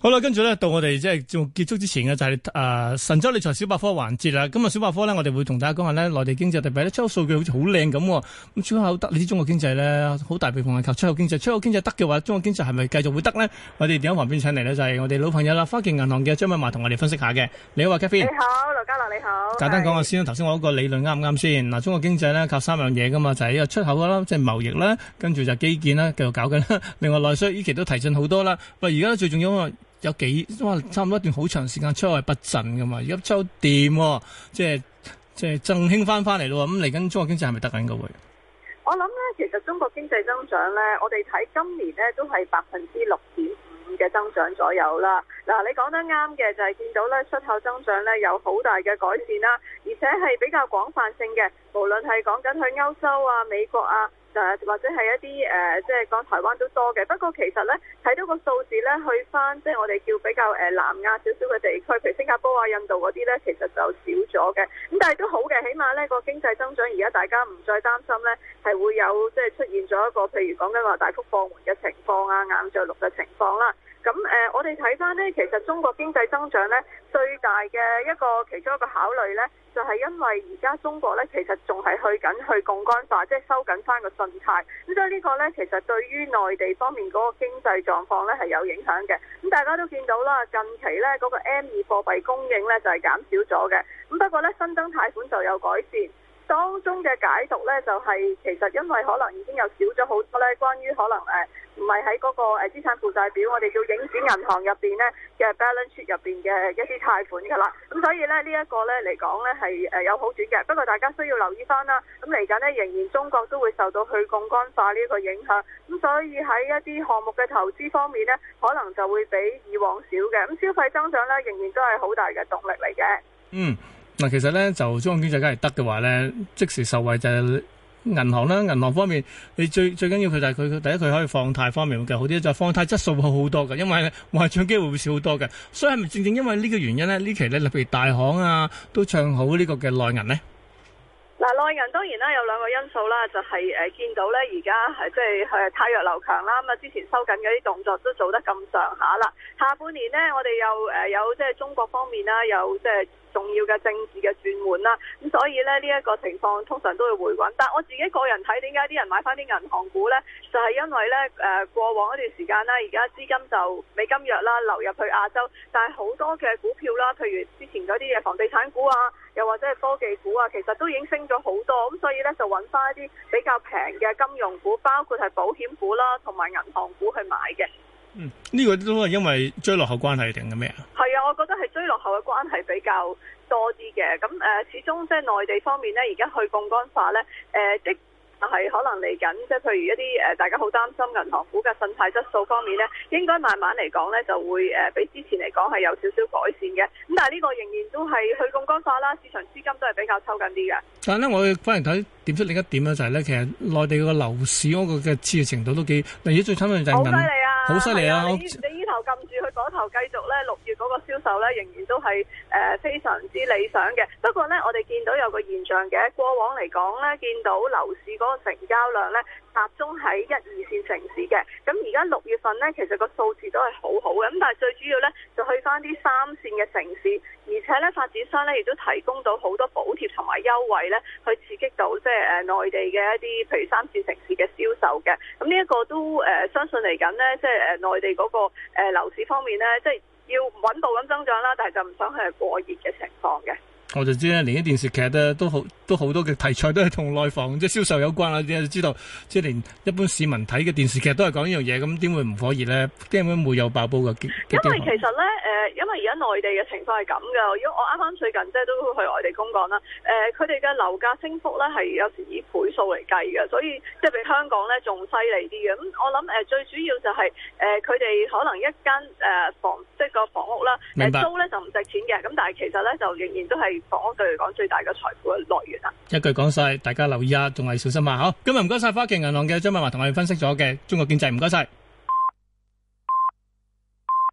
好啦，跟住咧到我哋即係節目結束之前嘅就係誒神州理財小百科環節啦。咁啊小百科呢，我哋會同大家講下呢內地經濟特別呢，出口數據好似好靚咁。咁出口得，你知中國經濟呢，好大部分係靠出口經濟。出口經濟得嘅話，中國經濟係咪繼續會得呢？我哋電話旁邊請嚟呢，就係、是、我哋老朋友啦，花旗銀行嘅張敏華同我哋分析下嘅。你好，Kevin。你好，劉家樂你好。你好，簡單講下先啦，頭先是我嗰個理論啱唔啱先嗱？中國經濟呢，靠三樣嘢噶嘛，就係呢個出口啦，即、就、係、是、貿易啦，跟住就基建啦，繼續搞緊另外內需依期都提升好多啦。不過而家最重要有幾，差唔多一段好長時間出口不振嘅嘛，而家出到掂、啊，即係即係振興翻翻嚟咯，咁嚟緊中國經濟係咪得緊嘅喎？我諗咧，其實中國經濟增長咧，我哋睇今年咧都係百分之六點五嘅增長左右啦。嗱、啊，你講得啱嘅就係見到咧出口增長咧有好大嘅改善啦，而且係比較廣泛性嘅，無論係講緊去歐洲啊、美國啊。就或者係一啲誒，即係講台灣都多嘅。不過其實咧，睇到個數字咧，去返即係我哋叫比較誒南亞少少嘅地區，譬如新加坡啊、印度嗰啲咧，其實就少咗嘅。咁但係都好嘅，起碼咧個經濟增長而家大家唔再擔心咧，係會有即係、就是、出現咗一個譬如講緊話大幅放緩嘅情況啊、硬着陸嘅情況啦。咁誒，我哋睇翻呢，其實中國經濟增長呢，最大嘅一個其中一個考慮呢，就係、是、因為而家中國呢，其實仲係去緊去槓桿化，即係收緊翻個信貸。咁所以呢個呢，其實對於內地方面嗰個經濟狀況呢，係有影響嘅。咁大家都見到啦，近期呢，嗰、那個 M2 貨幣供應呢，就係、是、減少咗嘅。咁不過呢，新增貸款就有改善。當中嘅解讀呢，就係、是、其實因為可能已經有少咗好多呢關於可能誒唔係喺嗰個誒資產負債表，我哋叫影子銀行入邊咧嘅 balance 入邊嘅一啲貸款噶啦。咁、嗯、所以呢，呢一個咧嚟講呢係誒有好轉嘅。不過大家需要留意返啦。咁嚟緊呢，仍然中國都會受到去槓桿化呢一個影響。咁、嗯、所以喺一啲項目嘅投資方面呢，可能就會比以往少嘅。咁、嗯、消費增長呢，仍然都係好大嘅動力嚟嘅。嗯。嗱，其實咧就中國經濟梗係得嘅話咧，即時受惠就係銀行啦，銀行方面你最最緊要佢就係佢，第一佢可以放貸方面會更好啲，就係放貸質素會好多嘅，因為壞帳機會會少好多嘅，所以係咪正正因為呢個原因咧，期呢期咧例如大行啊都唱好呢個嘅內銀咧？內銀當然啦，有兩個因素啦，就係誒見到咧，而家係即係係太弱流強啦。咁啊，之前收緊嗰啲動作都做得咁上下啦。下半年呢，我哋又誒有即係中國方面啦，有即係重要嘅政治嘅轉換啦。咁所以呢，呢一個情況通常都會回穩。但我自己個人睇，點解啲人買翻啲銀行股呢，就係因為呢。誒過往一段時間啦，而家資金就美金弱啦流入去亞洲，但係好多嘅股票啦，譬如之前嗰啲嘅房地產股啊。或者係科技股啊，其實都已經升咗好多，咁所以呢，就揾翻一啲比較平嘅金融股，包括係保險股啦，同埋銀行股去買嘅。嗯，呢個都係因為追落後關係定嘅咩啊？係啊，我覺得係追落後嘅關係比較多啲嘅。咁、嗯、誒、呃，始終即係內地方面呢，而家去杠杆化呢。誒、呃、的。即但係可能嚟緊，即係譬如一啲誒、呃，大家好擔心銀行股嘅信貸質素方面咧，應該慢慢嚟講咧，就會誒、呃、比之前嚟講係有少少改善嘅。咁但係呢個仍然都係去槓桿化啦，市場資金都係比較抽緊啲嘅。但係咧，我反而睇點出另一點咧，就係咧，其實內地樓個樓市嗰個嘅熾熱程度都幾。而且最慘嘅就係好犀利啊！好犀利啊！啊我你呢頭撳住，佢嗰頭繼續咧錄。就咧仍然都係誒、呃、非常之理想嘅，不過咧我哋見到有個現象嘅，過往嚟講咧見到樓市嗰個成交量咧集中喺一、二線城市嘅，咁而家六月份咧其實個數字都係好好嘅，咁但係最主要咧就去翻啲三線嘅城市，而且咧發展商咧亦都提供到好多補貼同埋優惠咧去刺激到即係誒內地嘅一啲譬如三線城市嘅銷售嘅，咁呢一個都誒、呃、相信嚟緊咧即係誒內地嗰個誒樓市方面咧即係。就是就唔想佢係過熱嘅情況。我就知啦，連啲電視劇咧都好，都好多嘅題材都係同內房即係銷售有關啦。點知道即係連一般市民睇嘅電視劇都係講呢樣嘢咁，點會唔火熱咧？基本會有爆煲嘅？因為其實咧，誒、呃，因為而家內地嘅情況係咁噶。如果我啱啱最近即係都去外地公幹啦，誒、呃，佢哋嘅樓價升幅咧係有時以倍數嚟計嘅，所以即係比香港咧仲犀利啲嘅。咁、嗯、我諗誒、呃，最主要就係、是、誒，佢、呃、哋可能一間誒、呃、房即係個房屋啦，租咧就唔值錢嘅，咁但係其實咧就仍然都係。房對嚟講最大嘅財富嘅來源啊！一句講晒，大家留意啊，仲係小心啊，好，今日唔該晒花旗銀行嘅張敏華同我哋分析咗嘅中國經濟，唔該晒。